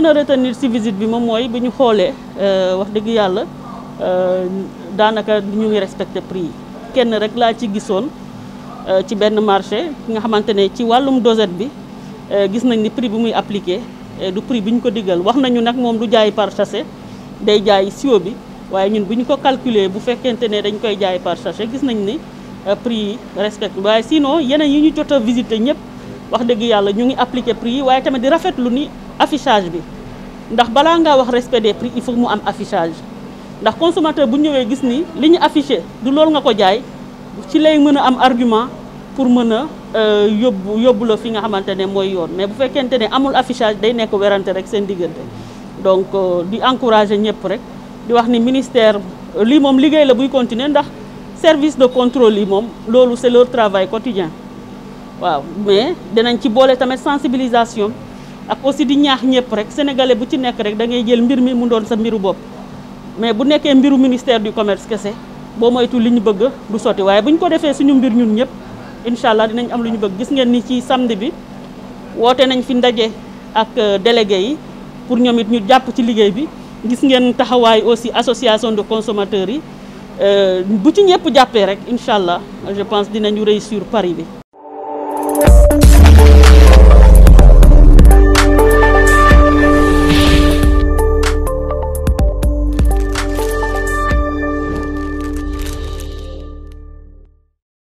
mën a retenir bi moom mooy bi ñu xoolee euh, wax dëgg yàlla euh, daanaka ñu ngi respecté prix yi kenn rek laa ci gisoon euh, ci benn ki nga xamante ne ci wàllum dosette bi gis nañ ni prix bi muy appliqué du prix bi ñu ko diggal wax nañu nag moom du jaay par sachet day jaay sio bi waaye ñun bu ñu ko calculer bu fekkente ne dañ koy jaay par sachet gis nañ ni prix yi respecté waaye sinon yeneen yi ñu jot a visité ñëpp wax dëgg yàlla ñu ngi appliqué prix yi waaye tamit di rafetlu ni affichage bi ndax balaa ngaa wax respect des prix il faut mu am affichage ndax consommateur bu ñëwee gis ni li ñu affiché du loolu nga ko jaay ci lay mën am argument pour mën a euh, yob yóbbu la fi nga xamante ne yoon mais bu fekkente ne amul affichage day nekk werante rek seen diggante donc euh, di encourager ñëpp rek di wax ni ministère euh, lii moom liggéey la buy continuer ndax service de contrôle yi moom loolu c'est leur travail quotidien waaw mais dinañ ci boole tamit sensibilisation ak aussi di ñaax ñepp rek sénégalais bu ci nekk rek da ngay jël mbir mi mu doon sa mbiru bop mais bu nekké mbiru ministère du commerce kessé bo moytu li ñu bëgg du soti waye buñ ko défé suñu mbir ñun ñepp inshallah dinañ am luñu bëgg gis ngeen ni ci samedi bi woté nañ fi ndaje ak euh, délégué yi pour ñoom it ñu japp ci liggéey bi gis ngeen taxaway aussi association de consommateurs yi euh, bu ci ñepp jappé rek inshallah je pense dinañu réussir paris bi